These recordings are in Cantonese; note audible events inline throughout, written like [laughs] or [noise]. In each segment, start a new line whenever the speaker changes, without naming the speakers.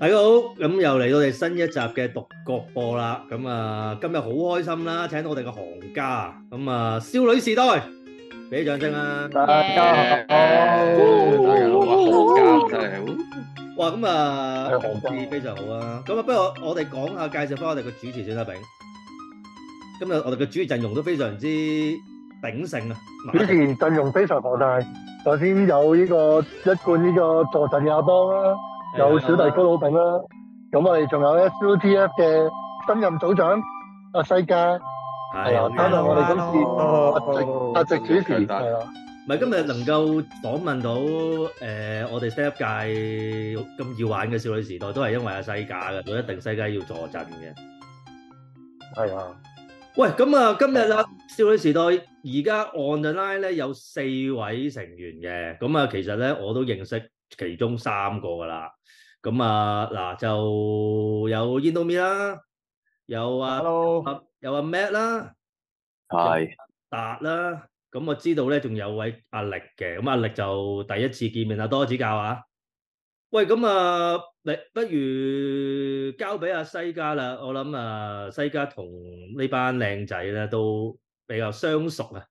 大家好，咁又嚟到我哋新一集嘅獨角播啦，咁啊今日好開心啦，請到我哋嘅行家，咁啊笑旅時代，俾啲掌聲啦，大家好，大家好，行家真係好，哇咁啊，行家非常好啊，咁啊不過我哋講下，介紹翻我哋嘅主持孫立炳，今日我哋嘅主持陣容都非常之鼎盛啊，主持陣容非常龐大，首先有呢個一冠呢個坐鎮亞邦啦。有小弟高佬餅啦，咁我哋仲有呢，SUTF 嘅新任組長阿西嘉，
係啊，
擔任我哋今次
阿阿席主持，係啊，
唔係今日能夠訪問到誒我哋 Step 界咁要玩嘅少女時代，都係因為阿西嘉嘅，佢一定西嘉要坐鎮嘅，係啊，喂，咁啊今日啊。笑旅時代而家 on the line 咧有四位成員嘅，咁啊其實咧我都認識其中三個噶啦，咁啊嗱就有 Indomie 啦，有啊，Hello，有啊 Matt 啦，
係
達啦，咁我知道咧仲有位阿力嘅，咁阿力就第一次見面啊，多指教啊！喂，咁啊，你不如交俾阿西加啦，我諗啊西加同呢班靚仔咧都～比較相熟啊，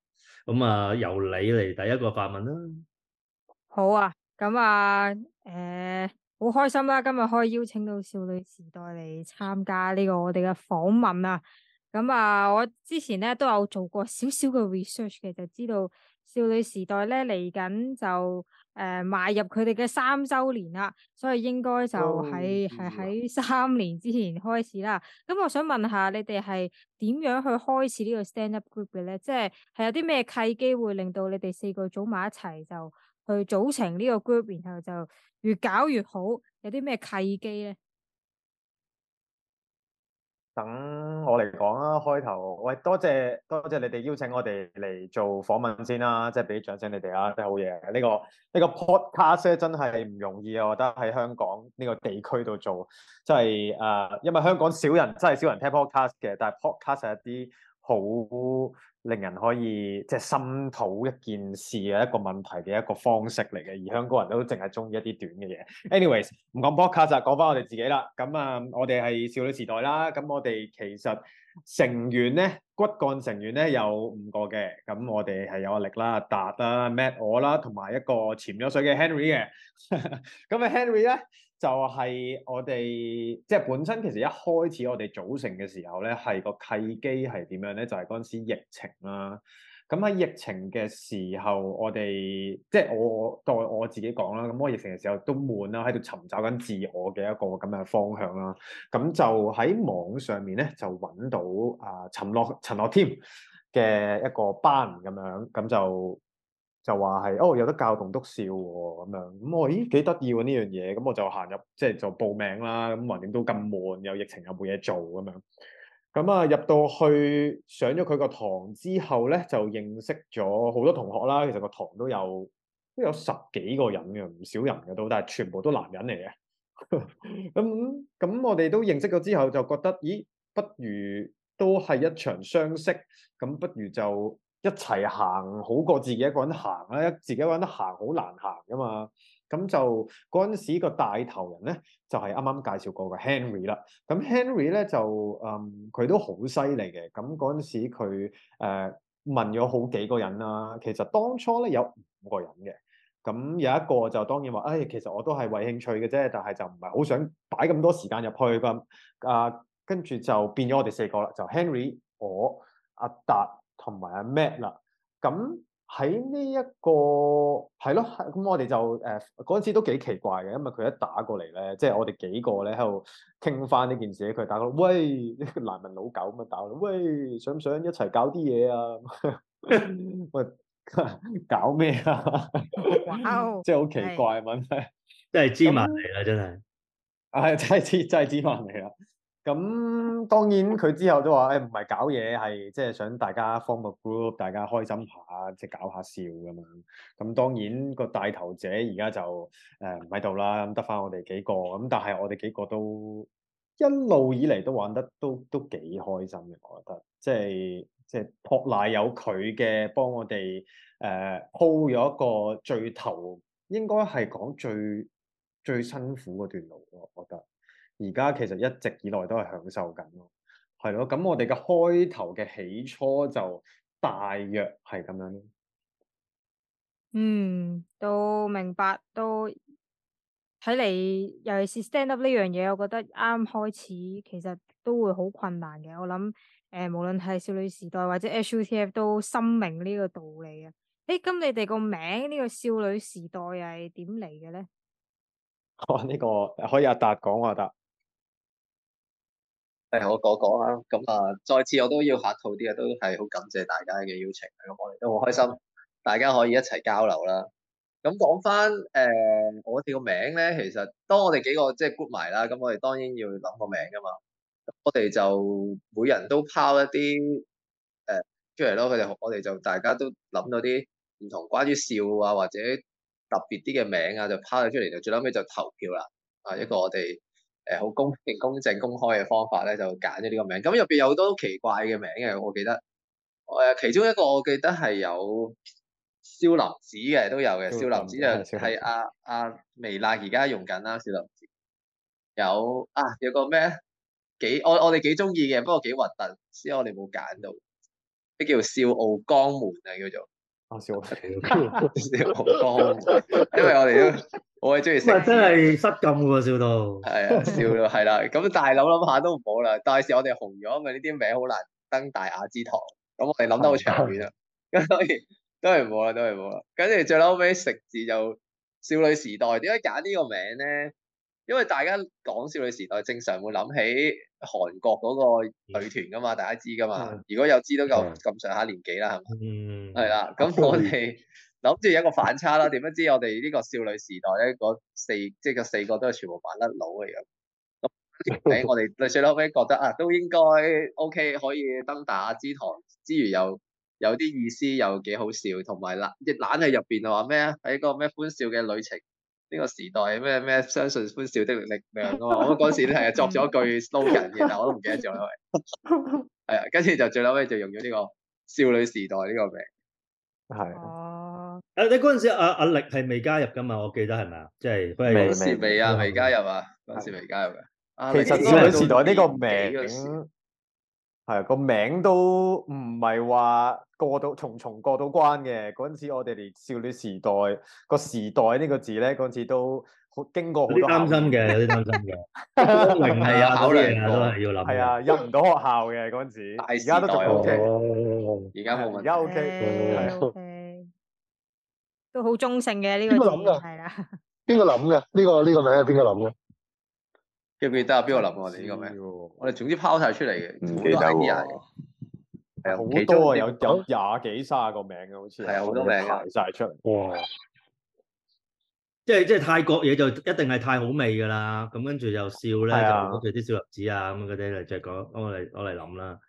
咁啊由你嚟第一個發問啦。
好啊，咁啊誒，好、呃、開心啊，今日可以邀請到笑旅時代嚟參加呢個我哋嘅訪問啊。咁啊，我之前咧都有做過少少嘅 research 嘅，就知道笑旅時代咧嚟緊就，誒邁入佢哋嘅三週年啦，所以應該就喺係喺三年之前開始啦。咁我想問下你哋係點樣去開始呢個 stand up group 嘅咧？即係係有啲咩契機會令到你哋四個組埋一齊就去組成呢個 group，然後就越搞越好，有啲咩契機咧？
等我嚟講啦，開頭喂，多謝多謝你哋邀請我哋嚟做訪問先啦，即係俾啲掌聲你哋啊，真係好嘢。呢個呢個 podcast 真係唔容易啊，我覺得喺香港呢個地區度做，即係誒，因為香港少人，真係少人聽 podcast 嘅，但係 podcast 係一啲好。令人可以即係深討一件事嘅一個問題嘅一個方式嚟嘅，而香港人都淨係中意一啲短嘅嘢。Anyways，唔講 Podcast 就講翻我哋自己啦。咁啊，我哋係笑旅時代啦。咁我哋其實成員咧，骨幹成員咧有五個嘅。咁我哋係有阿力啦、達啦、Matt 我啦，同埋一個潛咗水嘅 Henry 嘅。咁 [laughs] 啊，Henry 咧。就係我哋即係本身，其實一開始我哋組成嘅時候咧，係個契機係點樣咧？就係嗰陣時疫情啦、啊。咁喺疫情嘅時候我，我哋即係我代我自己講啦。咁我疫情嘅時候都悶啦，喺度尋找緊自我嘅一個咁嘅方向啦、啊。咁就喺網上面咧，就揾到啊陳、呃、樂陳樂添嘅一個班咁樣，咁就。就話係哦，有得教同篤笑咁樣，咁、嗯、我、哦、咦幾得意喎呢樣嘢，咁我就行入即係就報名啦。咁環境都咁悶，又疫情又冇嘢做咁樣。咁啊入到去上咗佢個堂之後咧，就認識咗好多同學啦。其實個堂都有都有十幾個人嘅，唔少人嘅都，但係全部都男人嚟嘅。咁 [laughs] 咁、嗯、我哋都認識咗之後，就覺得咦，不如都係一場相識，咁不如就。一齊行好過自己一個人行咧，自己一個人行好難行噶嘛。咁就嗰陣時個帶頭人咧，就係啱啱介紹過嘅 Henry 啦。咁 Henry 咧就誒，佢、嗯、都好犀利嘅。咁嗰陣時佢誒、呃、問咗好幾個人啦。其實當初咧有五個人嘅，咁有一個就當然話，誒、哎、其實我都係為興趣嘅啫，但係就唔係好想擺咁多時間入去咁。啊，跟住就變咗我哋四個啦，就 Henry、我、阿、啊、達。Dad，同埋阿 Matt 啦，咁喺呢一個係咯，咁我哋就誒嗰陣時都幾奇怪嘅，因為佢一打過嚟咧，即係我哋幾個咧喺度傾翻呢件事，佢打過嚟，喂，呢個難民老狗咁啊，打過嚟，喂，想唔想一齊搞啲嘢啊？喂， [laughs] 搞咩啊？
哇 [laughs] 哦，真
係
好奇怪問，真係，真係黐埋嚟啦，真係，係真係真係黐埋嚟啦。咁當然佢之後都話，誒唔係搞嘢，係即係想大家 form 個 group，大家開心下，即係搞下笑咁樣。咁當然個帶頭者而家就誒唔喺度啦，咁得返我哋幾個。咁但係我哋幾個都一路以嚟都玩得都都幾開心嘅，我覺得，即係即係托賴有佢嘅幫我哋誒鋪咗一個最頭，應該係講最最辛苦嗰段路，我覺得。而家其實一直以來都係享受緊咯，係咯。咁我哋嘅開頭嘅起初就大約係咁樣，嗯，
都明白，都睇嚟，尤其是 stand up 呢樣嘢，我覺得啱啱開始其實都會好困難嘅。我諗誒、呃，無論係少女時代或者 H.U.T.F. 都深明呢個道理啊。誒，咁、嗯、你哋個名呢、這個少女時代係點嚟嘅咧？
呢、哦這個可以阿達講，阿達。
誒，我講講啦，咁啊，再次我都要客套啲啊，都係好感謝大家嘅邀請，咁
我哋都好開心，
大家可以一齊交流啦。咁講翻誒，我哋個名咧，其實當我哋幾個即係 group 埋啦，咁我哋當然要諗個名噶嘛。我哋就每人都拋一啲誒、呃、出嚟咯，佢哋我哋就大家都諗到啲唔同關於笑啊或者特別啲嘅名啊，就拋咗出嚟，最後就最後尾就投票啦。啊、嗯，一個我哋。誒好、欸、公平、公正、公開嘅方法咧，就揀咗呢個名。咁入邊有好多奇怪嘅名嘅，我記得。誒，其中一個我記得係有少林寺嘅，都有嘅。少林寺啊，係阿阿微辣而家用緊啦。少林寺有啊，有個咩？幾我我哋幾鍾意嘅，不過幾核突，只係我哋冇揀到。佢叫少傲江門啊，叫做。笑我好多，因為我哋都我係中意食。真係
失禁嘅喎，笑到
係啊，笑到係啦。咁但係諗諗下都唔好啦。但係是我哋紅咗，因為呢啲名好難登大雅之堂。咁我哋諗得 [laughs] 的 [laughs] 好長遠啊。咁當然都係唔好啦，都係唔好啦。跟住最嬲尾食字就少女時代，點解揀呢個名咧？因為大家講少女時代，正常會諗起。韓國嗰個女團噶嘛，大家知噶嘛？如果有知都夠咁上下年紀啦，係嘛？係 [noise] 啦樂，咁我哋諗住有一個反差啦。點不知我哋呢個少女時代咧，四即係個四個都係全部扮甩佬嚟嘅。咁俾我哋最衰，我俾覺得啊，都應該 OK 可以登打之堂？之餘又有啲意思，又幾好笑，同埋懶亦懶喺入邊啊！話咩啊？喺個咩歡笑嘅旅程。呢個時代咩咩相信歡笑的力量啊嘛，我嗰陣時咧係作咗句 slogan 嘅，但我都唔記得咗啦，係啊，跟住就最後尾就用咗呢、這個少女時代呢個名，
係的啊，誒你嗰陣時阿阿、啊、力係未加入噶嘛？我記得係咪啊？即
係、就是那個、未未啊，未,嗯、未加入啊，嗰陣時未加入嘅。的啊、其實少女時代呢到年 個名年。
係啊，個名都唔係話過到重重過到關嘅。嗰陣時我哋嚟少女時代個時代呢個字咧，嗰陣時都好經過好多。有啲擔心嘅，有啲擔心嘅。明係啊，好多嘢啊，都係要諗。係啊，入唔到學校嘅嗰陣時，而家都仲 OK。而
家冇問題。而家 OK 係。
都好中性嘅呢個。邊個諗嘅？係
啦。邊個諗嘅？呢個呢個名係邊個諗嘅？記唔記得啊？邊個諗我哋呢個名？我哋總之拋晒出嚟嘅，唔記得喎。係啊，好多啊，有
有廿幾卅個名
嘅，好似係啊，好多名拋晒出
嚟。哇！即係即係泰國嘢，就一定係太好味噶啦。咁跟住又笑咧，就攞住啲小粒子啊咁嗰啲嚟，即係講，我嚟我嚟諗啦。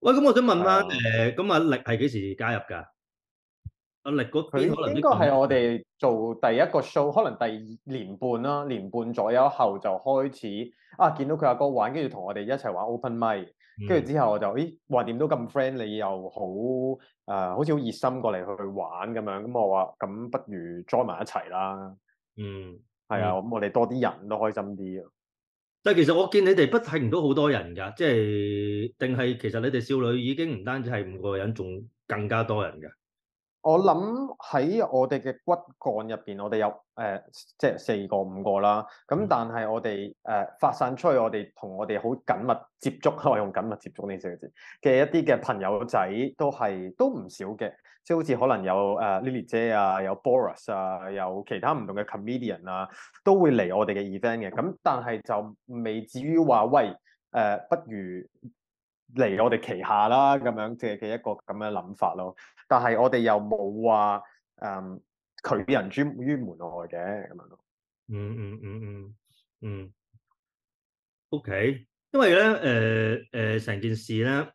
喂，咁我想問翻誒，咁啊力係幾時加入噶？
阿力嗰，佢應該係我哋做第一個 show，可能第二年半啦，年半左右後就開始啊，見到佢阿哥玩，跟住同我哋一齊玩 open mic，跟住之後我就咦，話點都咁 friend，你又好誒、呃，好似好熱心過嚟，去去玩咁樣，咁我話咁不如 join 埋一齊啦。嗯，係、嗯、啊、咁、嗯嗯、我哋多啲人都開心啲。啊。但係其實我見你
哋不係唔到好多人噶，即係定係其實你哋少女已經唔單止係五個人，仲更加多人噶。
我諗喺我哋嘅骨幹入邊，我哋有誒、呃，即係四個五個啦。咁但係我哋誒、呃、發散出去，我哋同我哋好緊密接觸，我用緊密接觸呢四個字嘅一啲嘅朋友仔都係都唔少嘅。即係好似可能有誒、呃、Lily 姐啊，有 Boris 啊，有其他唔同嘅 comedian 啊，都會嚟我哋嘅 event 嘅。咁但係就未至於話喂誒、呃，不如嚟我哋旗下啦咁樣即係嘅嘅一個咁樣諗法咯。但係我哋又冇話誒拒人於，於門外嘅咁樣咯。嗯嗯嗯嗯嗯。OK，
因為咧誒誒成件事咧，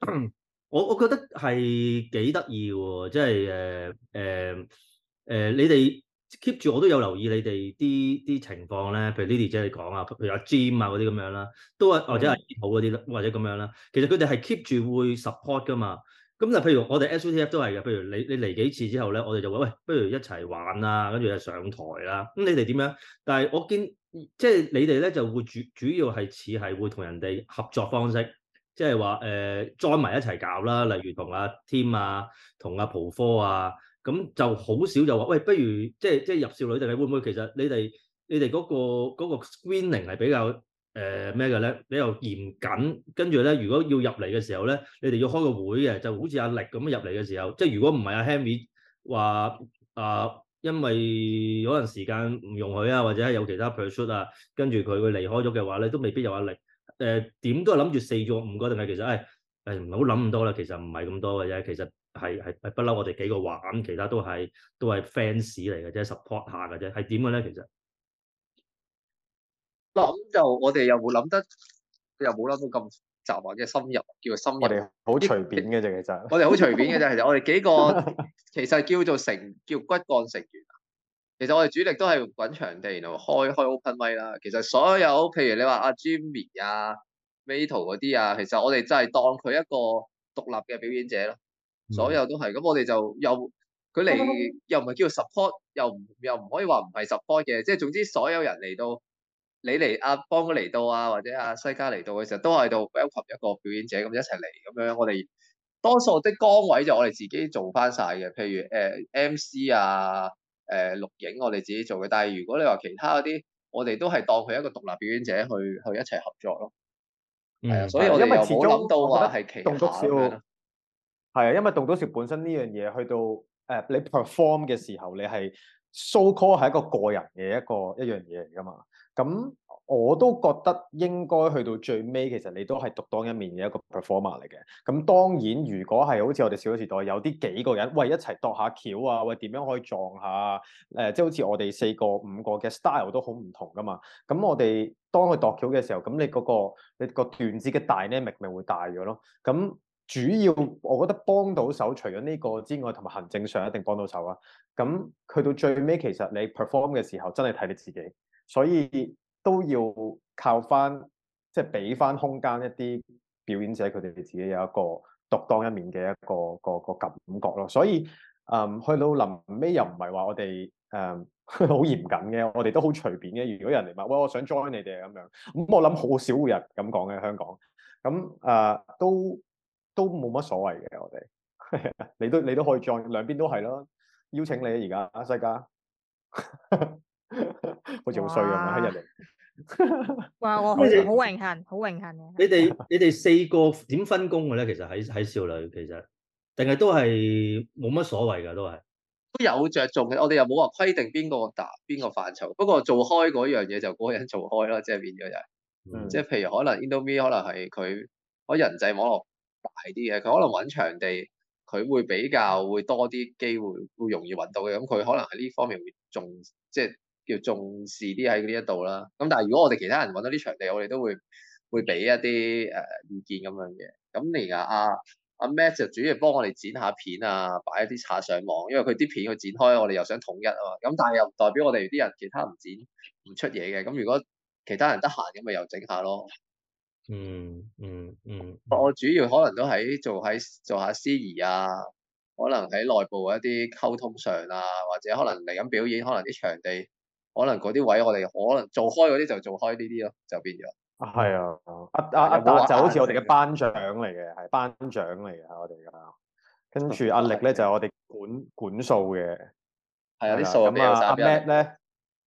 我我覺得係幾得意喎。即係誒誒誒，你哋 keep 住我都有留意你哋啲啲情況咧。譬如 Lily 姐你講啊，譬如阿 Jim 啊嗰啲咁樣啦，都話或者係好嗰啲啦，或者咁樣啦。其實佢哋係 keep 住會 support 㗎嘛。咁就譬如我哋 SUTF 都係嘅，譬如你你嚟幾次之後咧，我哋就話喂，不如一齊玩啊，跟住就上台啦。咁你哋點樣？但係我見即係你哋咧就會主主要係似係會同人哋合作方式，即係話誒 join 埋一齊搞啦。例如同阿、啊、Tim 啊、同阿蒲科啊，咁就好少就話喂，不如即係即係入少女哋定會唔會？其實你哋你哋嗰、那個嗰、那個 screening 係比較。誒咩嘅咧你又嚴謹，跟住咧如果要入嚟嘅時候咧，你哋要開個會嘅，就好似阿力咁樣入嚟嘅時候，即係如果唔係阿 Henry 話啊、呃，因為可能時間唔容許啊，或者有其他 p r 出啊，跟住佢會離開咗嘅話咧，都未必有阿力。誒、呃、點都係諗住四個五個，定係其實誒誒唔好諗咁多啦，其實唔係咁多嘅啫，其實係係不嬲，我哋幾個咁其他都係都係 fans 嚟嘅啫，support 下嘅啫，係點嘅咧？其實。
諗就我哋又冇諗得又冇諗到咁雜或嘅深入，叫深入。我哋好隨便嘅，其實。 [laughs] 我哋好隨便嘅啫，其實我哋幾個其實叫做成叫骨幹成員，其實我哋主力都係滾場地然後開開 open mic 啦。其實所有譬如你話阿、啊、Jimmy 啊、m i t a l 嗰啲啊，其實我哋真係當佢一個獨立嘅表演者咯，所有都係咁。 [laughs] 我哋就又佢嚟又唔係叫 support，又唔又唔可以話唔係 support 嘅，即係總之所有人嚟到。你嚟阿邦嚟到啊，或者阿西嘉嚟到嘅時候，都係到 welcome 一個表演者咁一齊嚟咁樣我。崗我哋多數的崗位就我哋自己做翻晒嘅，譬如誒 MC 啊，誒、呃、錄影我哋自己做嘅。但係如果你話其他嗰啲，嗯、我哋都係當佢一個獨立表演者去去一齊合作咯。係啊，所以我哋又
冇諗到話係旗下咁
樣。係啊、嗯，因為棟篤
笑本身呢樣嘢去到誒、呃，你 perform 嘅時候，你係 so call 係一個個人嘅一個一樣嘢嚟噶嘛。咁我都覺得應該去到最尾，其實你都係獨當一面嘅一個 performer 嚟嘅。咁當然，如果係好似我哋笑旅時代有啲幾個人，喂一齊度下橋啊，喂點樣可以撞下？誒、呃，即係好似我哋四個五個嘅 style 都好唔同㗎嘛。咁我哋當佢度橋嘅時候，咁你嗰、那個你個段子嘅 dynamic 咪會大咗咯。咁主要我覺得幫到手，除咗呢個之外，同埋行政上一定幫到手啊。咁去到最尾，其實你 perform 嘅時候，真係睇你自己。所以都要靠翻，即係俾翻空間一啲表演者，佢哋自己有一個獨當一面嘅一個一個一個感覺咯。所以，嗯，去到臨尾又唔係話我哋，誒、嗯，好嚴謹嘅，我哋都好隨便嘅。如果有人哋問，喂，我想 join 你哋咁樣，咁我諗好少人咁講嘅香港。咁，誒、呃，都都冇乜所謂嘅，我哋， [laughs] 你都你都可以 join，兩邊都係咯，邀請你而家世界。 [laughs] [laughs] 好似好衰啊！喺入面，
[laughs] 哇！我好榮 [laughs] 幸，好榮幸
啊！ [laughs] 你哋你哋四個點分工嘅咧？其實喺喺少女，其實定係都係冇乜所謂噶，都係
都有着重嘅。我哋又冇話規定邊個答邊個範疇。不過做開嗰樣嘢就嗰個人做開啦，就是嗯、即係變咗就，即係譬如可能 Indo me 可能係佢嘅人際網絡大啲嘅，佢可能搵場地，佢會比較會多啲機會，會容易搵到嘅。咁佢可能喺呢方面會重即係。就是要重視啲喺呢一度啦，咁但係如果我哋其他人揾到啲場地，我哋都會會俾一啲誒、呃、意見咁樣嘅。咁連阿阿阿 Matt 就主要幫我哋剪下片啊，擺一啲嘢上網，因為佢啲片佢剪開，我哋又想統一啊嘛。咁但係又唔代表我哋啲人其他唔剪唔出嘢嘅。咁如果其他人得閒咁咪又整下咯。嗯嗯嗯，嗯嗯我主要可能都喺做喺做，做下司儀啊，可能喺內部一啲溝通上啊，或者可能嚟緊表演，可能啲場地。可能嗰啲位我哋可能做開嗰啲就做開呢啲
咯，就變咗。係啊，阿阿阿就好似我哋嘅班
長嚟嘅，係班長嚟嘅，係我哋噶。
跟住阿力咧就係我哋管管數嘅。係啊，啲數啊咩曬？阿 Matt 咧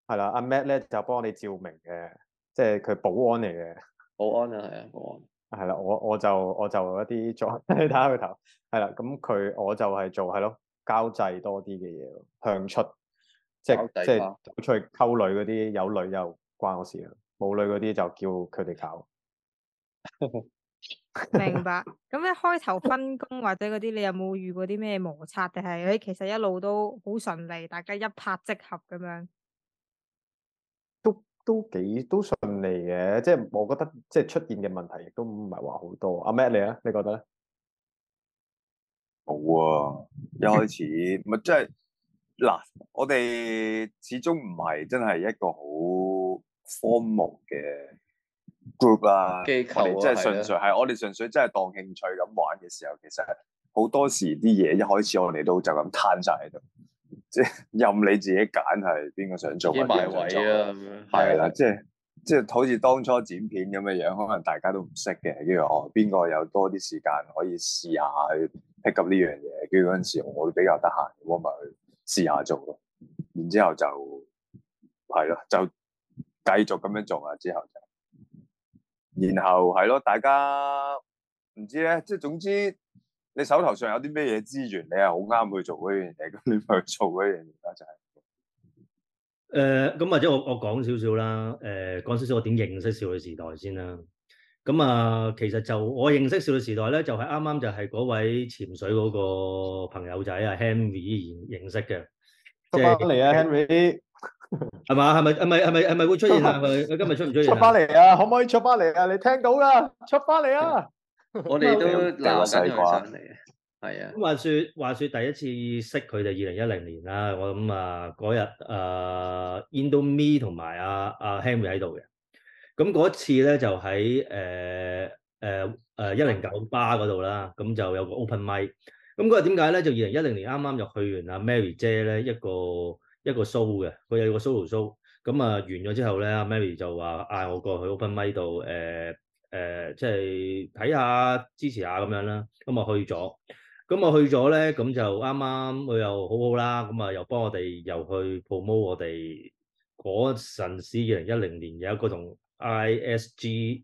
係啦，阿 Matt 咧就幫我哋照明嘅，即係佢保安嚟嘅。保安啊，係啊，保安。係啦，我我就我就一啲做，你睇下佢頭。係啦，咁佢我就係做係咯交際多啲嘅嘢咯，向出。即係即係出去溝女嗰啲有女又關我事啦，冇女嗰啲就叫佢哋搞。
[laughs] 明白。咁一開頭分工或者嗰啲，你有冇遇過啲咩摩擦定係誒？其實一路都好順利，大家一拍即合咁樣。
都都幾都順利嘅，即係我覺得即係出現嘅問題亦都唔係話好多。阿 Matt 你咧，你覺得咧？冇啊！
一開始咪即係。 [laughs] 嗱，我哋始終唔係真係一個好荒 o 嘅 group 啊，係啦。我哋即係純粹係我哋的純粹真係當興趣咁玩嘅時候，其實好多時啲嘢一開始我哋都就咁攤晒喺度，即係任你自己揀係邊個想做，邊位、啊。想做係啦。即係即係好似當初剪片咁嘅樣，可能大家都唔識嘅。跟住哦，邊、啊、個有多啲時間可以試下去 pick up 呢樣嘢？跟住嗰陣時我都比較得閒，幫埋佢。試下做咯，然之後就係咯，就繼續咁樣做啊。之後就，然後係咯，大家唔知咧，即係總之你手頭上有啲咩嘢資源，你係好啱去做嗰樣嘢，咁你咪去做嗰樣嘢而家就係，
是，誒、呃，咁或者我我講少少啦，誒、呃，講少少我點認識少女時代先啦。咁啊、嗯，其實就我認識笑旅時代咧，就係啱啱就係嗰位潛水嗰個朋友仔啊，Henry 認識嘅。
出翻嚟啊，Henry，
係嘛？係咪？係咪？係咪？係咪會出現啊？ [laughs] 今日出唔出現？出翻
嚟啊！可唔可以出翻嚟啊？你聽到噶？出翻嚟啊！我哋都
搞鬧曬啩。
係啊。話説，話説第一次識佢哋，二零一零年啦。我諗啊，嗰日誒，Indomie 同埋阿阿 Henry 喺度嘅。咁嗰一次咧就喺誒誒誒一零九八嗰度啦，咁、呃呃、就有個 open mic。咁嗰日點解咧？就二零一零年啱啱入去完阿 Mary 姐咧一個一個 show 嘅，佢有個 solo show。咁啊完咗之後咧，Mary 就話嗌我過去 open mic 度，誒誒即係睇下支持下咁樣啦。咁啊去咗，咁啊去咗咧，咁就啱啱佢又好好啦，咁啊又幫我哋又去 promote 我哋嗰陣時二零一零年有一個同 ISG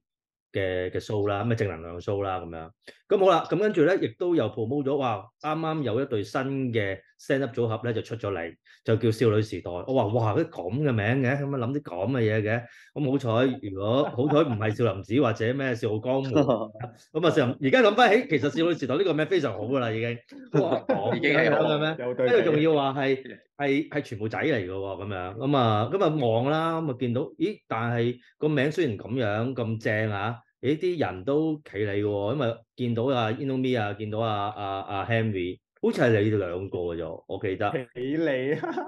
嘅嘅 show 啦，咁啊正能量 show 啦，咁樣。咁好啦，咁跟住咧，亦都又 promote 咗，哇！啱啱有一對新嘅 stand up 組合咧，就出咗嚟，就叫少女時代。我話：哇，啲咁嘅名嘅，咁啊諗啲咁嘅嘢嘅。咁好彩，如果好彩唔係少林寺或者咩少武江湖，咁啊成。而家諗翻起，其實少女時代呢個名非常好噶啦，已經已經係好嘅咩？跟住仲要話係係係全部仔嚟嘅喎，咁樣咁啊咁啊望啦，咁啊見到，咦？但係個名雖然咁樣咁正啊。呢啲人都企你嘅喎，因為見到阿 Indomie 啊，me，見到阿阿阿 Henry，好似係你哋兩個嘅啫，我記得。企你，
咁 [laughs]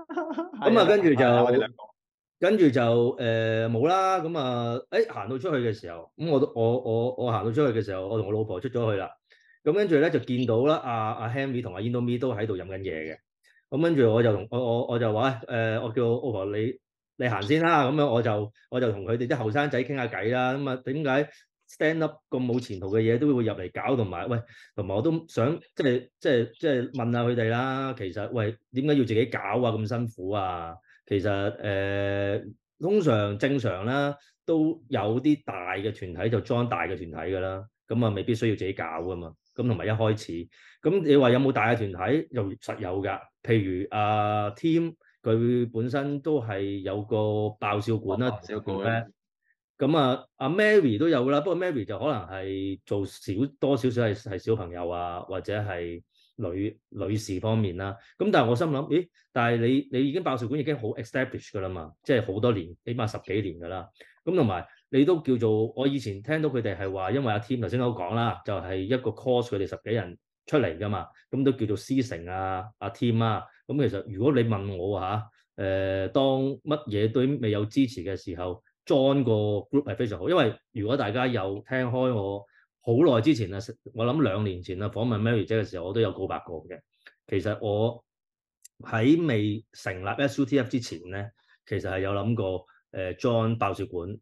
啊、嗯，跟住就， [laughs] 就，
跟住就誒冇啦。咁、呃、啊，誒行、嗯欸、到出去嘅時候，咁、嗯、我我我我行到出去嘅時候，我同我老婆出咗去啦。咁、嗯、跟住咧就見到啦、啊，阿、啊、阿 Henry 同阿 Indomie 都喺度飲緊嘢嘅。咁、嗯、跟住我就同我我我就話誒、欸，我叫我老婆你你行先啦、啊。咁、嗯、樣我就我就同佢哋啲後生仔傾下偈啦。咁啊點解？Stand up 咁冇前途嘅嘢都會入嚟搞同埋，喂，同埋我都想即係即係即係問下佢哋啦。其實喂，點解要自己搞啊？咁辛苦啊？其實誒、呃，通常正常啦，都有啲大嘅團體就裝大嘅團體㗎啦。咁啊，未必需要自己搞㗎嘛。咁同埋一開始，咁你話有冇大嘅團體？又實有㗎。譬如阿、啊、Team，佢本身都係有個爆笑館啦，笑館咩？團體咁、嗯、啊，阿 Mary 都有啦，不過 Mary 就可能係做少多少少係係小朋友啊，或者係女女士方面啦。咁、嗯、但係我心諗，咦？但係你你已經爆笑館已經好 establish 噶啦嘛，即係好多年，起碼十幾年噶啦。咁同埋你都叫做我以前聽到佢哋係話，因為阿、啊、Tim 頭先都講啦，就係、是、一個 course 佢哋十幾人出嚟噶嘛，咁、嗯、都叫做師承啊，阿、啊、Tim 啊。咁、嗯、其實如果你問我吓，誒、啊，當乜嘢都未有支持嘅時候，join 個 group 係非常好，因為如果大家有聽開我好耐之前啊，我諗兩年前啊，訪問 Mary 姐嘅時候，我都有告白過嘅。其實我喺未成立 SUTF 之前咧，其實係有諗過誒、呃、join 爆笑館，誒、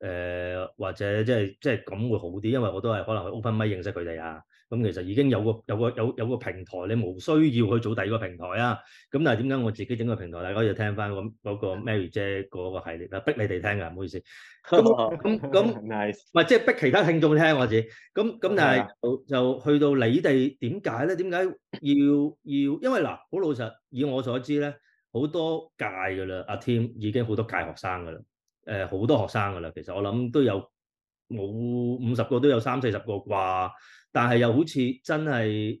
呃，或者即係即係咁會好啲，因為我都係可能去 open mic 認識佢哋啊。咁、嗯、其實已經有個有個有有個平台，你冇需要去做第二個平台啊！咁但係點解我自己整個平台，大家就聽翻嗰個 Mary 姐嗰個系列啦，逼你哋聽啊，唔好意思。咁咁咁，唔係即係逼其他聽眾聽我自己。咁、嗯、咁，但係就，就去到你哋點解咧？點解要要？因為嗱，好老實，以我所知咧，好多屆嘅啦，阿 Tim 已經好多屆學生嘅啦，誒、呃、好多學生嘅啦。其實我諗都有冇五十個都有三四十個掛。但係又好似真係誒、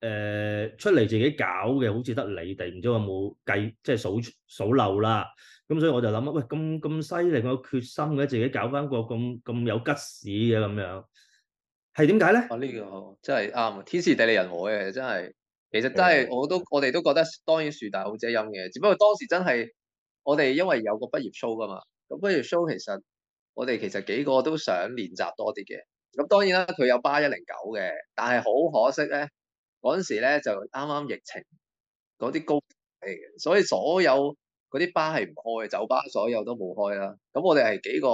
呃、出嚟自己搞嘅，好似得你哋，唔知我冇計即係數數漏啦。咁、嗯、所以我就諗啊，喂，咁咁犀利，我有決心嘅，自己搞返個咁咁有吉事嘅咁
樣，係點解咧？啊，呢、呢個真係啱、嗯、天時地利人和嘅，真係其實真係的我都我哋都覺得當然樹大好遮陰嘅，只不過當時真係我哋因為有個畢業 show 噶嘛，咁畢業 show 其實我哋其實幾個都想練習多啲嘅。咁當然啦，佢有巴一零九嘅，但係好可惜咧，嗰陣時咧就啱啱疫情嗰啲高，所以所有嗰啲巴係唔開，酒吧所有都冇開啦。咁我哋係幾個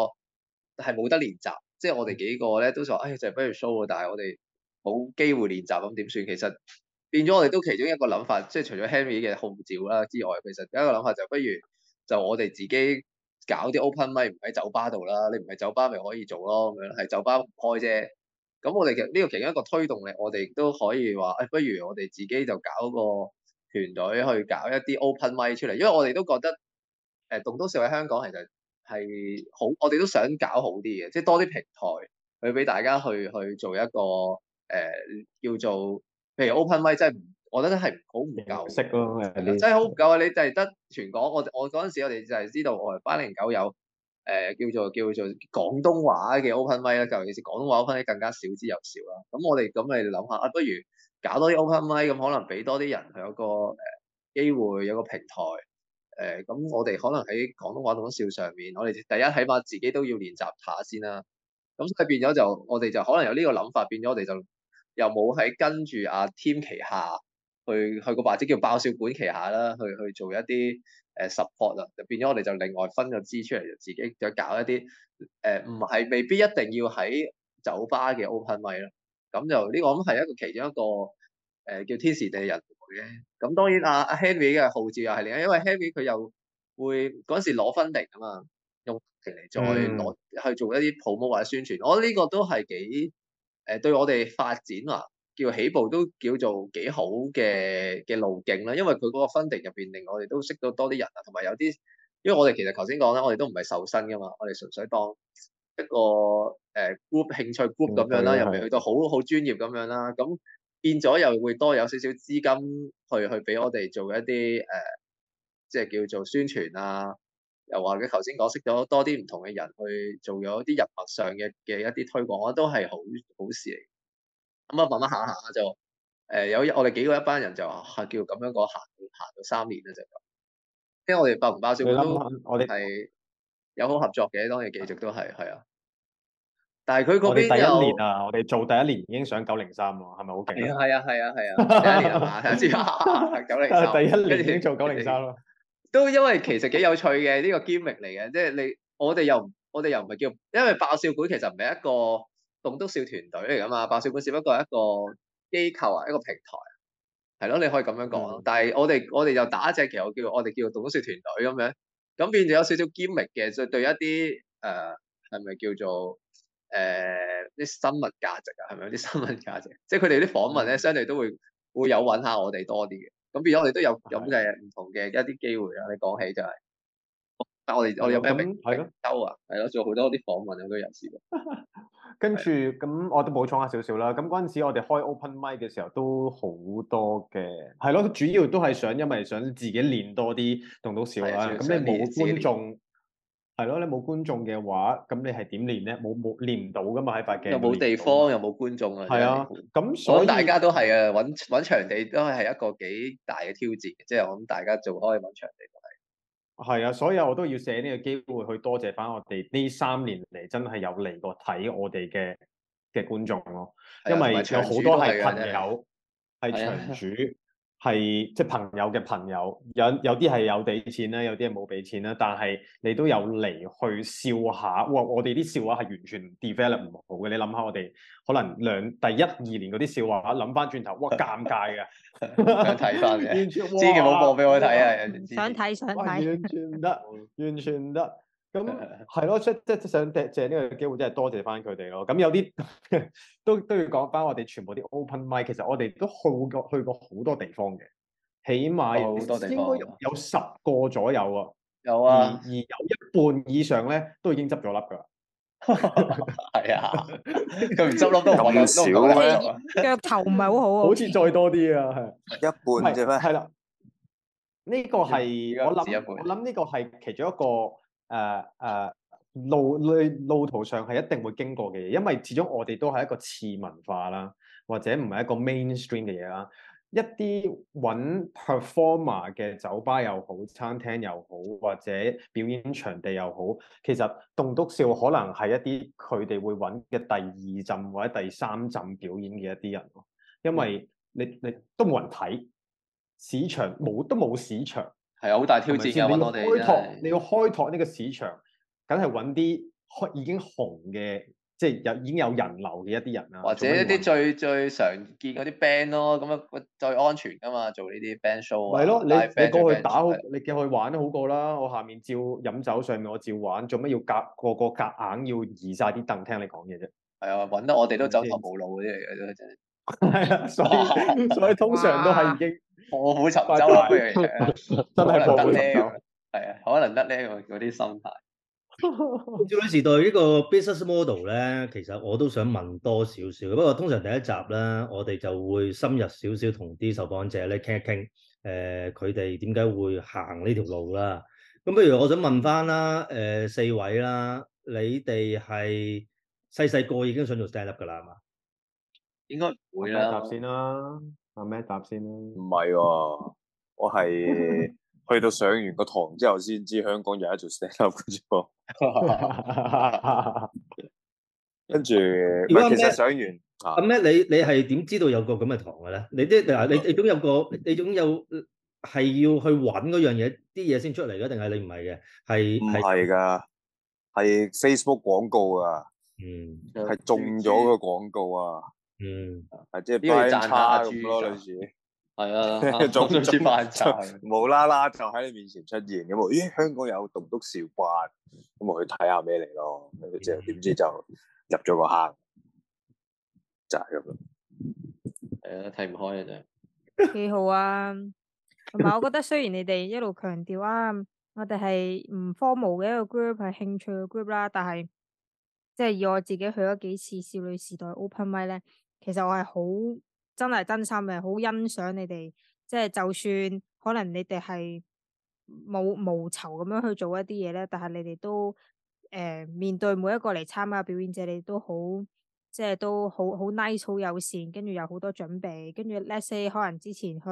係冇得練習，即係我哋幾個咧都想，哎，就係不如 show 啦。但係我哋冇機會練習咁點算？其實變咗我哋都其中一個諗法，即係除咗 Henry 嘅號召啦之外，其實有一個諗法就不如就我哋自己。搞啲 open mic 唔喺酒吧度啦，你唔喺酒吧咪可以做咯，咁樣，係酒吧開啫。咁我哋其實呢個其中一個推動力，我哋都可以話，誒、哎、不如我哋自己就搞個團隊去搞一啲 open mic 出嚟，因為我哋都覺得誒棟篤笑喺香港其實係好，我哋都想搞好啲嘅，即、就、係、是、多啲平台去俾大家去去做一個誒、呃、叫做，譬如 open mic 即係。我覺得係好唔夠識咯，嗯、真係好唔夠啊！嗯、你就係得全港，我我嗰陣時，我哋就係知道我哋花零九有誒、呃、叫做叫做廣東話嘅 open mic 啦。尤其是廣東話 open mic 更加少之又少啦。咁我哋咁，你諗下，不如搞多啲 open mic，咁可能俾多啲人有個誒機會，有個平台。誒、呃、咁，我哋可能喺廣東話講笑上面，我哋第一起碼自己都要練習下先啦。咁所以變咗就，我哋就可能有呢個諗法，變咗我哋就又冇喺跟住阿添旗下。去去個話即係叫爆笑管旗下啦，去去做一啲誒 support 啊，就變咗我哋就另外分個支出嚟，就自己再搞一啲誒，唔、呃、係未必一定要喺酒吧嘅 open 位咯。咁就呢個咁係一個其中一個誒、呃、叫天時地利嘅。咁當然啊阿、啊、Henry 嘅號召又係另一個，因為 Henry 佢又會嗰陣時攞 funding 吖嘛，用嚟再攞去做一啲 promo 或者宣傳。我覺得呢個都係幾誒、呃、對我哋發展啊！叫起步都叫做幾好嘅嘅路徑啦，因為佢嗰個 funding 入邊令我哋都識到多啲人啊，同埋有啲，因為我哋其實頭先講啦，我哋都唔係受薪噶嘛，我哋純粹當一個誒 group 興趣 group 咁樣啦，又未去到好好專業咁樣啦，咁變咗又會多有少少資金去去俾我哋做一啲誒、呃、即係叫做宣傳啊，又或者頭先講識咗多啲唔同嘅人去做咗啲人脈上嘅嘅一啲推廣啊，都係好好事嚟。咁啊，慢慢行下就，誒、欸，有我哋幾個一班人就，係叫咁樣個行，行到三年咧就，因為我哋爆唔爆笑館，都我哋係有好合作嘅，當然繼續都係，係啊。但係佢嗰邊第一年啊，
我哋做第一年已經上九零三咯，係咪好勁？係啊係啊係啊， [laughs] 第一年啊，第一次九
零三，哈哈九零三， [laughs] 第一年已經做九零三咯。 [laughs] [laughs] 都因為其實幾有趣嘅呢、這個 gameplay 嚟嘅，即、就、係、是、你我哋又我哋又唔係叫，因為爆笑館其實唔係一個。棟篤笑團隊嚟噶嘛，棟篤笑本身不過係一個機構啊，一個平台啊，係咯，你可以咁樣講。嗯、但係我哋我哋就打隻旗號，我叫我哋叫棟篤笑團隊咁樣，咁變咗有少少揭力嘅，所對一啲誒係咪叫做誒啲、呃、新聞價值啊？係咪有啲新聞價值？即係佢哋啲訪問咧，嗯、相對都會會有揾下我哋多啲嘅。咁變咗我哋都有咁啲嘅唔同嘅一啲機會啦。的你講起就係、是。我哋我有咩啊？係咯，做好多啲訪問嗰啲人士。
跟住咁，我都補充下少少啦。咁嗰陣時，我哋開 open mic 嘅時候都好多嘅，係咯，主要都係想因為想自己練多啲，動到少啦。咁你冇觀眾，係咯，你冇觀眾嘅話，咁你係點練咧？冇冇練唔到噶嘛？喺塊鏡又冇地
方，又冇觀眾啊。係啊，咁所以大家都係啊，揾揾場地都係一個幾大嘅挑戰。即係我諗，大家做開揾場地。
係啊，所以我都要寫呢個機會去多謝翻我哋呢三年嚟真係有嚟過睇我哋嘅嘅觀眾咯，因為有好多係朋友，係場主。係即係朋友嘅朋友，有有啲係有俾錢啦，有啲係冇俾錢啦。但係你都有嚟去笑下，哇！我哋啲笑話係完全 develop 唔好嘅。你諗下，我哋可能兩第一二年嗰啲笑話，諗翻轉頭，哇！尷尬㗎，想睇翻嘅。之前有冇播俾我睇啊？想
睇想睇，完全唔得，
完全唔得。 [laughs] 咁係咯，即即即想借呢個機會，真係多謝翻佢哋咯。咁有啲都都要講翻，我哋全部啲 open mic，其實我哋都去過去過好多地方嘅，起碼有好多地方，應該有十個左右啊，有啊。而有一半以上咧，都已經執咗笠噶啦，係有啊，佢唔執笠都咁少嘅，腳頭唔係好好啊，好似再多啲啊，係一半啫係啦，呢、這個係我諗，我諗呢個係其中一個。誒誒、uh, uh, 路路路途上係一定會經過嘅嘢，因為始終我哋都係一個次文化啦，或者唔係一個 mainstream 嘅嘢啦。一啲揾 performer 嘅酒吧又好，餐廳又好，或者表演場地又好，其實棟篤笑可能係一啲佢哋會揾嘅第二陣或者第三陣表演嘅一啲人咯，因為你你都冇人睇，市場冇都冇市場。係啊，好大挑戰噶，是是我哋，你要開拓，真是 你要開拓呢個市場，梗係揾啲已經紅嘅，即係有已經有人流
嘅一啲人啊。或者一啲最找最，最常見嗰啲 band 咯，咁樣最安全噶嘛，做呢啲 band show，啊。係咯是，你你過去打
吧你叫去玩都好過啦。我下面照飲酒，上面我照玩，做咩要隔個個夾硬要移晒啲凳聽你講嘢啫？係啊，揾得
我哋都走投無路嘅啫，啊，真係。啊，所以所以通常都係已經。我虎沉舟真係 [laughs] 可能得係啊，可能得咧我嗰啲
心態。笑旅時
代個呢個 business model 咧，其實我都想問多少少。不過通常第一集咧，我哋就會深入少少同啲受訪者咧傾一傾，誒、呃，佢哋點解會行呢條路啦？咁不如我想問翻啦，誒、呃，四位啦，你哋係細細個已經想做 stand
up 噶啦嘛？應該唔會啦。先阿咩答先啦？唔係喎，我係去到上完個堂之後先知香港有一座 stand-up 嘅跟住， [laughs] 後如果咩不上完，
咁咩你你係點知道有個咁嘅堂嘅咧？你啲嗱，你你總有個，你總有係要去揾嗰樣嘢，啲嘢先出嚟嘅，定係你唔係嘅？
係唔係㗎？係 Facebook 廣告啊，嗯，係中咗個廣告啊。嗯，係即係 buy 差咁咯，類似係啊，總總之，無啦啦就喺你面前出現咁咦？香港有棟篤笑，咁我去睇下咩嚟咯，即係點知就入咗個坑，
就係咁咯。係啊、嗯，睇唔開啊，
真幾 [laughs] 好啊，同埋我覺得雖然你哋一路強調啊，我哋係唔 formal 嘅一個 group，係興趣嘅 group 啦，但係即係以我自己去咗幾次笑旅時代 open mic 咧。其實我係好真係真心嘅，好欣賞你哋，即係就算可能你哋係冇無酬咁樣去做一啲嘢咧，但係你哋都誒、呃、面對每一個嚟參加表演者，你哋都好即係都好好 nice、好友善，跟住有好多準備，跟住 Let's say 可能之前去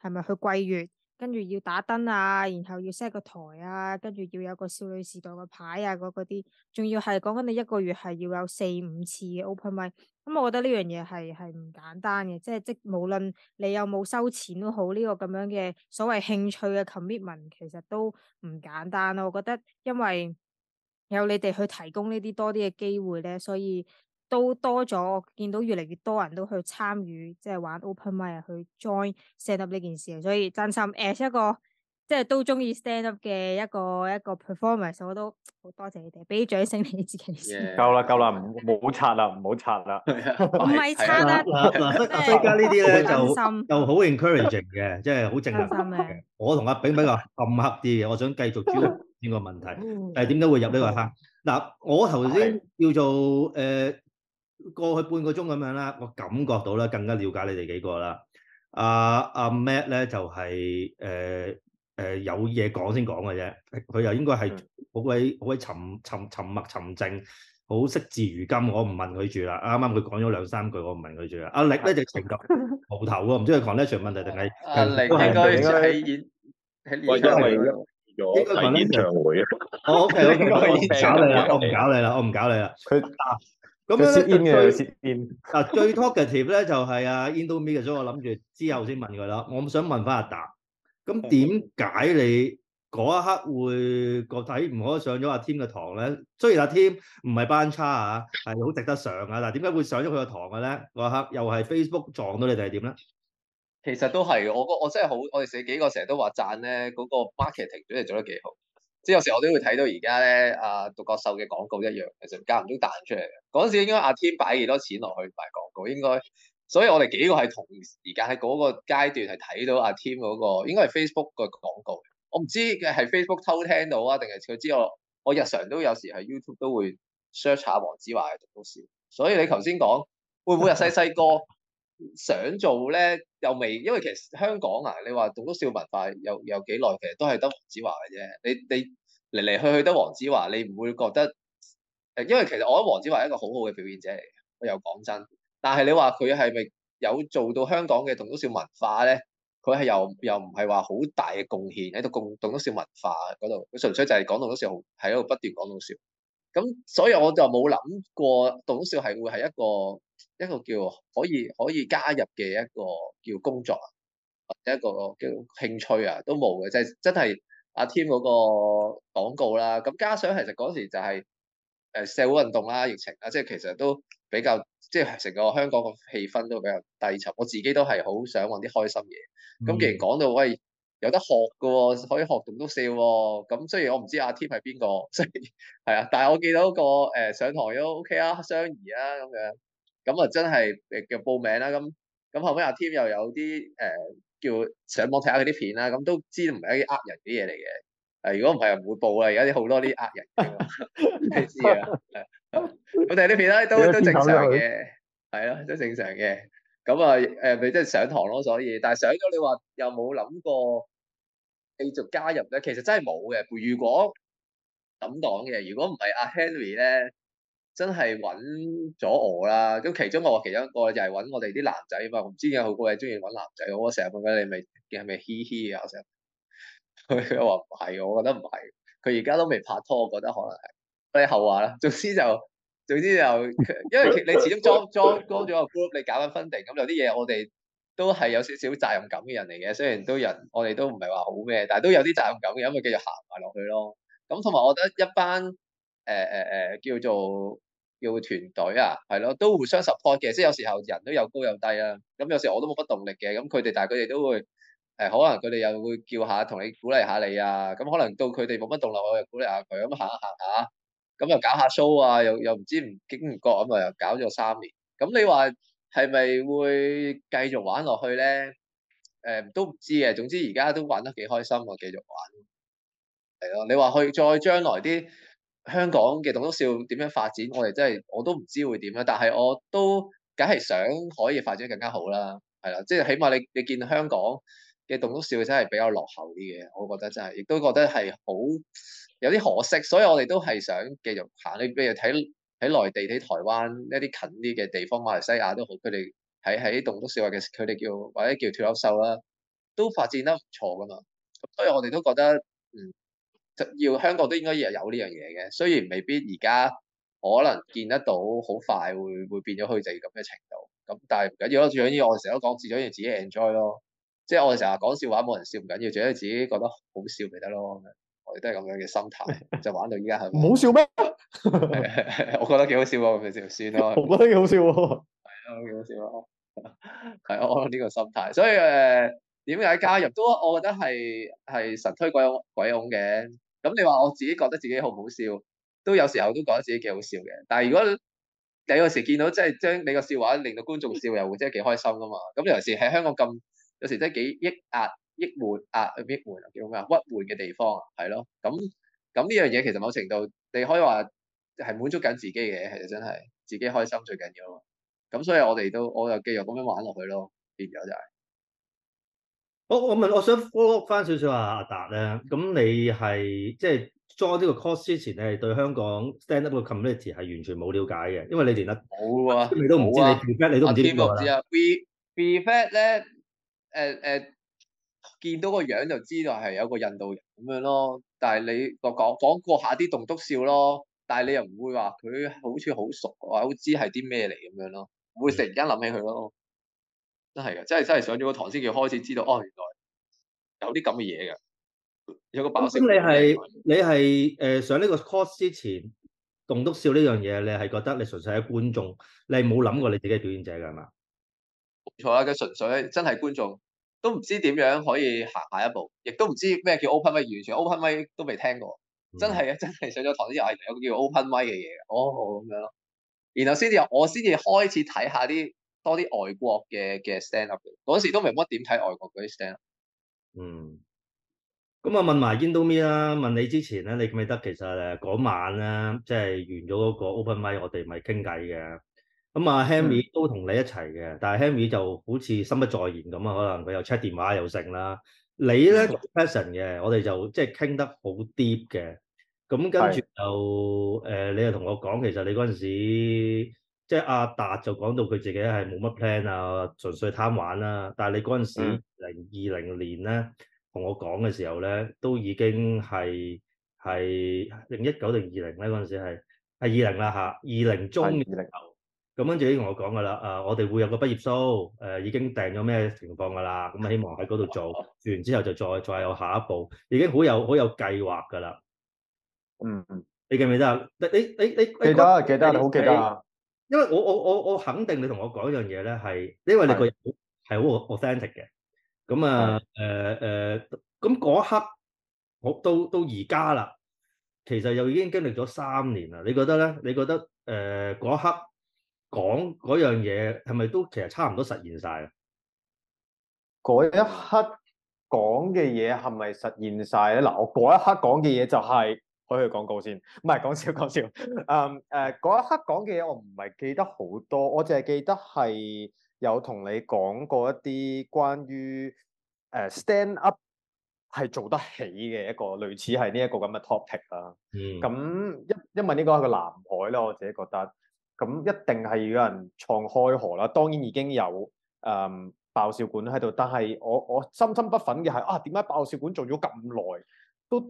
係咪去貴月？跟住要打燈啊，然後要 set 個台啊，跟住要有個少女時代個牌啊，嗰嗰啲。仲要係講緊你一個月係要有四五次嘅 open mic，咁我覺得呢樣嘢係係唔簡單嘅，即係即無論你有冇收錢都好，呢個咁樣嘅所謂興趣嘅 commitment 其實都唔簡單咯。我覺得因為有你哋去提供呢啲多啲嘅機會咧，所以。都多咗，見到越嚟越多人都去參與，即係玩 open mic 去 join stand up 呢件事，所以真心，as 一個，即係都中意 stand up 嘅一個一個 performance，我都好多謝你哋，俾掌聲你自己先。夠啦
夠啦，唔好拆啦，唔好拆啦，
唔係差啦。所以而家呢啲咧就
就好 encouraging
嘅，即係好正能量嘅。我同阿炳炳話暗黑啲嘅，我想繼續轉個轉個問題，但係點解會入呢個坑？嗱，我頭先叫做誒。過去半個鐘咁樣啦，我感覺到啦，更加了解你哋幾個啦。阿、啊、阿、啊、Matt 咧就係誒誒有嘢講先講嘅啫，佢又應該係好鬼好鬼沉沉沉默沉靜，好惜字如金。我唔問佢住啦。啱啱佢講咗兩三句，我唔問佢住啦。阿、啊、力咧就是、情感無頭喎，唔知係 presentation 問題定係？阿、啊、力應該係演，
應該係應該係演唱會。我 OK，我唔搞，搞你啦，我唔搞，
搞你啦，我唔搞你啦。佢啊！咁樣咧，最嗱、啊、最 talkative 咧就係啊 [laughs] Indomie，所以我諗住之後先問佢啦。我想問翻阿達。咁點解你嗰一刻會覺睇唔可以上咗阿添嘅堂咧？雖然阿添唔係班差啊，係好值得上啊，但係點解會上咗佢嘅堂嘅咧？嗰一刻又係 Facebook 撞到你哋係點咧？呢
其實都係，我我真係好，我哋死幾個成日都話讚咧，嗰、那個 marketing 組嘢做得幾好。即有時我都會睇到而家咧，阿獨角播嘅廣告一樣，其實間唔中彈出嚟嘅。嗰陣時應該阿添擺幾多錢落去賣廣告，應該。所以我哋幾個係同時間喺嗰個階段係睇到阿添嗰個，應該係 Facebook 嘅廣告。我唔知嘅係 Facebook 偷聽到啊，定係佢知道我？我日常都有時喺 YouTube 都會 search 下黃子華嘅棟篤笑。所以你頭先講會唔會係西西哥？想做咧又未，因為其實香港啊，你話棟篤笑文化有有幾耐，其實都係得黃子華嘅啫。你你嚟嚟去去得黃子華，你唔會覺得誒，因為其實我覺得黃子華係一個好好嘅表演者嚟嘅，我又講真。但係你話佢係咪有做到香港嘅棟篤笑文化咧？佢係又又唔係話好大嘅貢獻喺度共棟篤笑文化嗰度，佢純粹就係講棟篤笑，係喺度不斷講棟篤笑。咁所以我就冇諗過棟篤笑係會係一個。一個叫可以可以加入嘅一個叫工作啊，或者一個叫興趣啊都冇嘅，就係、是、真係阿 Tim 嗰個廣告啦。咁加上其實嗰時就係誒社會運動啦、疫情啦，即、就、係、是、其實都比較即係成個香港個氣氛都比較低沉。我自己都係好想揾啲開心嘢。咁既然講到喂有得學嘅喎，可以學到都笑喎。咁雖然我唔知阿 Tim 係邊個，所以係啊，但係我見到個誒上堂都 OK 啊，相宜啊咁樣。咁啊，就真係誒叫報名啦，咁咁後尾阿、啊、Tim 又有啲誒、呃、叫上網睇下嗰啲片啦，咁都知唔係一啲呃人嘅嘢嚟嘅。誒、啊，如果唔係，又唔會報啦。而家啲好多啲呃人，嘅。你知啊。我哋呢片啦，都都正常嘅，係咯，都正常嘅。咁啊， [laughs] 誒，咪即係上堂咯。所以，但係上咗，你話又冇諗過繼續加入咧？其實真係冇嘅。如果咁講嘅，如果唔係阿 Henry 咧。真係揾咗我啦，咁其中我其中一個就係揾我哋啲男仔啊嘛，我唔知點解好多嘢中意揾男仔，我成日問緊你咪係咪嘻嘻啊，成日佢又話唔係，我覺得唔係，佢而家都未拍拖，我覺得可能係，你後話啦，總之就總之就，因為你始終 join join 多咗個 group，你搞緊分定，咁有啲嘢我哋都係有少少責任感嘅人嚟嘅，雖然都人我哋都唔係話好咩，但係都有啲責任感嘅，因為繼續行埋落去咯，咁同埋我覺得一班。誒誒誒，叫做叫團隊啊，係咯，都互相 support 嘅，即係有時候人都有高有低啦，啊。咁有時候我都冇乜動力嘅，咁佢哋但係佢哋都會誒、呃，可能佢哋又會叫下，同你鼓勵下你啊。咁可能到佢哋冇乜動力，我又鼓勵下佢，咁行一行下，咁又搞下 show 啊，又又唔知唔經唔覺咁啊，又樣又搞咗三年。咁你話係咪會繼續玩落去咧？誒、呃，都唔知嘅，總之而家都玩得幾開心，我繼續玩。係咯，你話去再將來啲？香港嘅棟篤笑點樣發展，我哋真係我都唔知會點啦。但係我都梗係想可以發展更加好啦，係啦，即係起碼你你見香港嘅棟篤笑真係比較落後啲嘅，我覺得真係，亦都覺得係好有啲可惜。所以我哋都係想繼續行，你譬如睇喺內地、睇台灣一啲近啲嘅地方，馬來西亞都好，佢哋喺喺棟篤笑嘅，佢哋叫或者叫脫口秀啦，都發展得唔錯噶嘛。所以我哋都覺得嗯。要香港都應該要有呢樣嘢嘅，雖然未必而家可能見得到，好快會會變咗虛擬咁嘅程度。咁但係唔緊要，我至緊要，我成日都講，至緊要自己 enjoy 咯。即係我哋成日講笑話，冇人笑唔緊要，最緊要自己覺得好笑咪得咯。我哋都係咁樣嘅心態， [laughs] 就玩到依家係。唔好笑咩？ [laughs] [laughs] [laughs] 我覺得幾好笑喎，算 [laughs] 咯。我覺得幾好笑喎。係啊，幾好笑啊！係我呢個心態，所以誒點解加入都，我覺得係係神推鬼勇鬼勇嘅。咁、嗯、你話我自己覺得自己好唔好笑，都有時候都覺得自己幾好笑嘅。但係如果你有時見到，即係將你個笑話令到觀眾笑，又會真係幾開心㗎嘛。咁有時喺香港咁，有時真係幾抑壓、抑悶、抑壓抑悶啊，叫咩啊？鬱悶嘅地方啊，係咯。咁咁呢樣嘢其實某程度你可以話係滿足緊自己嘅，其實真係自己開心最緊要啊。咁所以我哋都我又繼續咁樣玩落去咯，變咗就嘅、係。
哦、我我我想 follow 翻少少阿阿達咧，咁你係即係 join 呢個 course 之前你咧，對香港 stand up 嘅 community 係完全冇了解嘅，因為你連得冇啊，你
都唔知你你都唔知點啊。我知啊，be b e f a t 咧，誒誒、uh，見到個樣就知道係有個印度人咁樣咯。但係你講講過下啲棟篤笑咯，但係你又唔會話佢好似好熟，話好知係啲咩嚟咁樣咯，會成日而家諗起佢咯。真係噶，真係真係上咗個堂先叫開始知道哦，原來有啲咁嘅嘢嘅，有個爆聲。你係你係誒
上呢個 course 之前，棟篤笑呢樣嘢，你係覺得你純粹係觀眾，你係冇諗過你自己係表演者嘅係嘛？
冇錯啦，佢純粹真係觀眾，都唔知點樣可以行下一步，亦都唔知咩叫 open mic，完全 open mic 都未聽過，真係啊！嗯、真係上咗堂先，我係有個叫 open mic 嘅嘢，哦咁樣咯。然後先至我先至開始睇下啲。多啲外國嘅嘅 stand up，嗰時都唔乜點睇外國嗰啲 stand up。嗯，
咁啊問埋 Endomi 啦，問你之前咧，你記唔記得其實誒嗰晚咧，即係完咗嗰個 open mic，我哋咪傾偈嘅。咁啊 Henry 都同你一齊嘅，的但係 Henry 就好似心不在焉咁啊，可能佢又 check 電話又剩啦。你咧嘅的，我哋就即係傾得好 deep 嘅。咁跟住就誒的、呃，你又同我講，其實你嗰陣時。即係阿達就講到佢自己係冇乜 plan 啊，純粹貪玩啦、啊。但係你嗰陣時零二零年咧，同、嗯、我講嘅時候咧，都已經係係零一九定二零咧，嗰陣時係係二零啦吓，二零、啊、中二零後，咁樣自己同我講噶啦。誒、啊，我哋會有個畢業 show，誒、啊，已經訂咗咩情況噶啦。咁希望喺嗰度做，嗯、完之後就再再有下一步，已經好有好有計劃噶啦。嗯，你記唔記得？你你你記得記得好記得啊！你因為我我我我肯定你同我講一樣嘢咧，係因為你個人係好 authentic 嘅。咁啊，誒誒的，咁嗰、呃呃、一刻，我都到而家啦，其實又已經經歷咗三年啦。你覺得咧？你覺得誒嗰、呃、一刻講
嗰樣嘢係咪都其實差唔多實現晒？嗰一刻講嘅嘢係咪實現晒咧？嗱，我嗰一刻講嘅嘢就係、是。可去廣告先，唔係講笑講笑，誒誒嗰一刻講嘅嘢我唔係記得好多，我淨係記得係有同你講過一啲關於誒、uh, stand up 係做得起嘅一個類似係呢、這個、一個咁嘅 topic 啦。咁一因為呢個係個，個，個，個，個，個，個，個藍海咧，我自己覺得咁一定係有人創開河啦。當然已經有誒爆笑館喺度，但係我我深心，心不忿嘅係啊，點解爆笑館做咗咁耐都？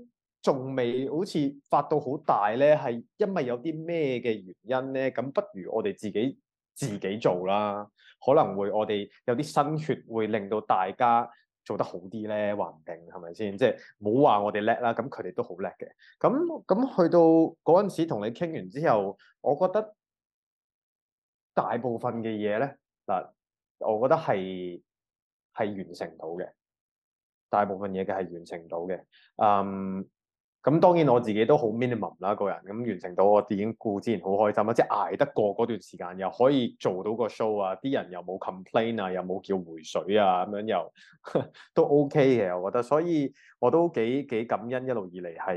仲未好似發到好大咧，係因為有啲咩嘅原因咧？咁不如我哋自己自己做啦，可能會我哋有啲新血會令到大家做得好啲咧，話唔定係咪先？即係冇話我哋叻啦，咁佢哋都好叻嘅。咁咁去到嗰陣時同你傾完之後，我覺得大部分嘅嘢咧嗱，我覺得係係完成到嘅，大部分嘢嘅係完成到嘅，嗯、um。咁當然我自己都好 minimum 啦，個人咁完成到我已經自己固之然好開心啊，即係捱得過嗰段時間，又可以做到個 show 啊，啲人又冇 complain 啊，又冇叫回水啊，咁樣又都 OK 嘅，我覺得，所以我都幾幾感恩一路以嚟係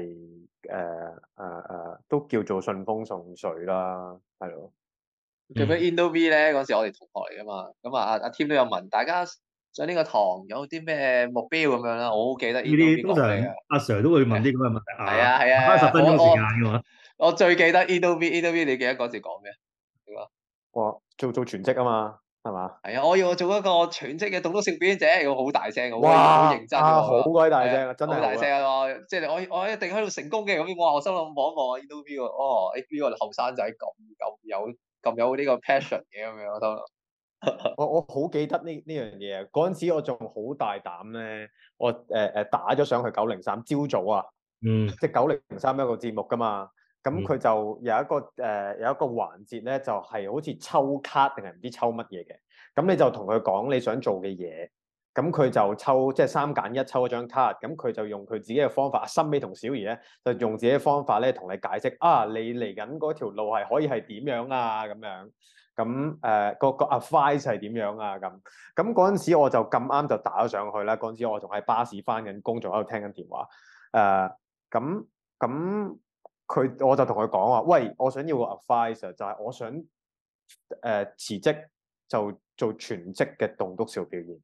誒誒誒，
都叫做順風順水啦，係咯。做咩 involve 咧？嗰時我哋同學嚟噶嘛，咁啊阿阿 Tim 都有問大家。上呢個堂有啲咩目標咁樣咧？我好記得呢啲，通常
阿 Sir 都會問啲咁嘅問題。係啊係啊，花十分鐘時
間㗎嘛。我最記得 Edo B，Edo B，你記得嗰時講咩啊？哇！做
做全職啊嘛，係嘛？
係啊，我要做一個全職嘅動作性表演者，要好大聲嘅，好認真，好鬼大聲，
真係好大聲
啊！即係我我一定喺度成功嘅咁樣。哇！我心諗望一望 Edo B 喎，哦呢 B 喎，後生仔咁咁有咁有呢個 passion 嘅咁樣，我心
[laughs] 我我好記得呢呢樣嘢嗰陣時我仲好大膽咧，我誒誒、呃、打咗上去九零三，朝早啊，
嗯，
即係九零三一個節目噶嘛。咁佢就有一個誒、呃、有一個環節咧，就係、是、好似抽卡定係唔知抽乜嘢嘅。咁你就同佢講你想做嘅嘢，咁佢就抽即係三揀一抽一張卡，咁佢就用佢自己嘅方法。阿森美同小儀咧就用自己嘅方法咧同你解釋啊，你嚟緊嗰條路係可以係點樣啊咁樣。咁誒、呃、個個 advice 係點樣啊？咁咁嗰陣時我就咁啱就打咗上去啦。嗰陣時我仲喺巴士翻緊工，仲喺度聽緊電話。誒咁咁佢我就同佢講話：，喂，我想要個 advice，就係我想誒、呃、辭職就做全職嘅棟篤笑表演。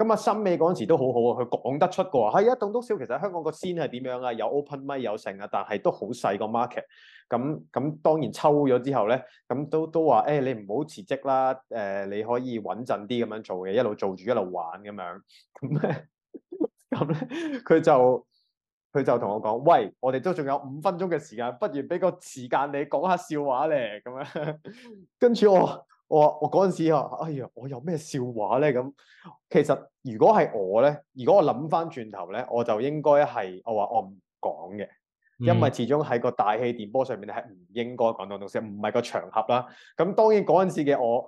咁啊，新美嗰陣時都好好啊，佢講得出過。係啊，棟篤笑其實香港個 scene 係點樣啊？有 open mic 有成啊，但係都好細個 market。咁咁當然抽咗之後咧，咁都都話誒、欸，你唔好辭職啦。誒、呃，你可以穩陣啲咁樣做嘅，一路做住一路玩咁樣。咁咧，佢 [laughs] 就佢就同我講：，喂，我哋都仲有五分鐘嘅時間，不如俾個時間你講下笑話咧？咁樣。跟住我。我我嗰陣時啊，哎呀，我有咩笑話咧？咁其實如果係我咧，如果我諗翻轉頭咧，我就應該係我話我唔講嘅，嗯、
因為始
終喺個大氣電波上面咧係唔應該講到東西，唔係個場合啦。咁當然嗰陣時嘅我，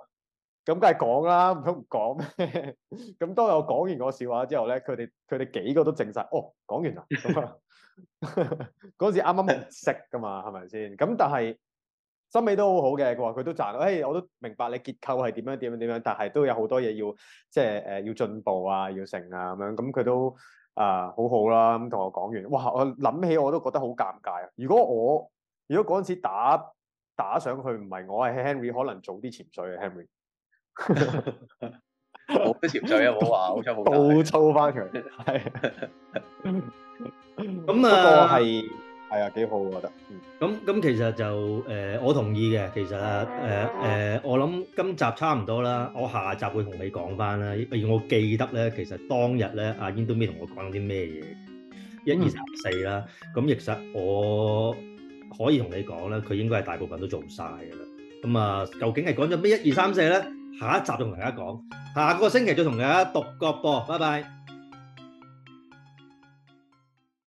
咁梗係講啦，唔通唔講咩？咁 [laughs] 當然我講完個笑話之後咧，佢哋佢哋幾個都靜曬，哦，講完啦。咁啊，嗰陣時啱啱識噶嘛，係咪先？咁但係。心理都好好嘅，佢話佢都賺啦。誒，我都明白你結構係點樣點樣點樣，但係都有好多嘢要即係誒要進步啊，要成啊咁樣。咁佢都啊好好啦。咁同我講完，哇！我諗起我都覺得好尷尬啊。如果我如果嗰陣時打打上去唔係我係 Henry，可能早啲潛水啊 Henry。冇得潛水啊！冇話，好彩冇。倒抽翻場。係。咁啊。不過係。係啊，幾好我覺
得。咁、嗯、咁其實就誒、呃，我同意嘅。其實誒誒、呃呃，我諗今集差唔多啦，我下集會同你講翻啦。譬如我記得咧，其實當日咧，阿英都未同我講啲咩嘢，一二三四啦。咁其實我可以同你講咧，佢應該係大部分都做晒㗎啦。咁、嗯、啊，究竟係講咗咩一二三四咧？
下一集同大家講，下個星期再同大家獨角播，拜拜。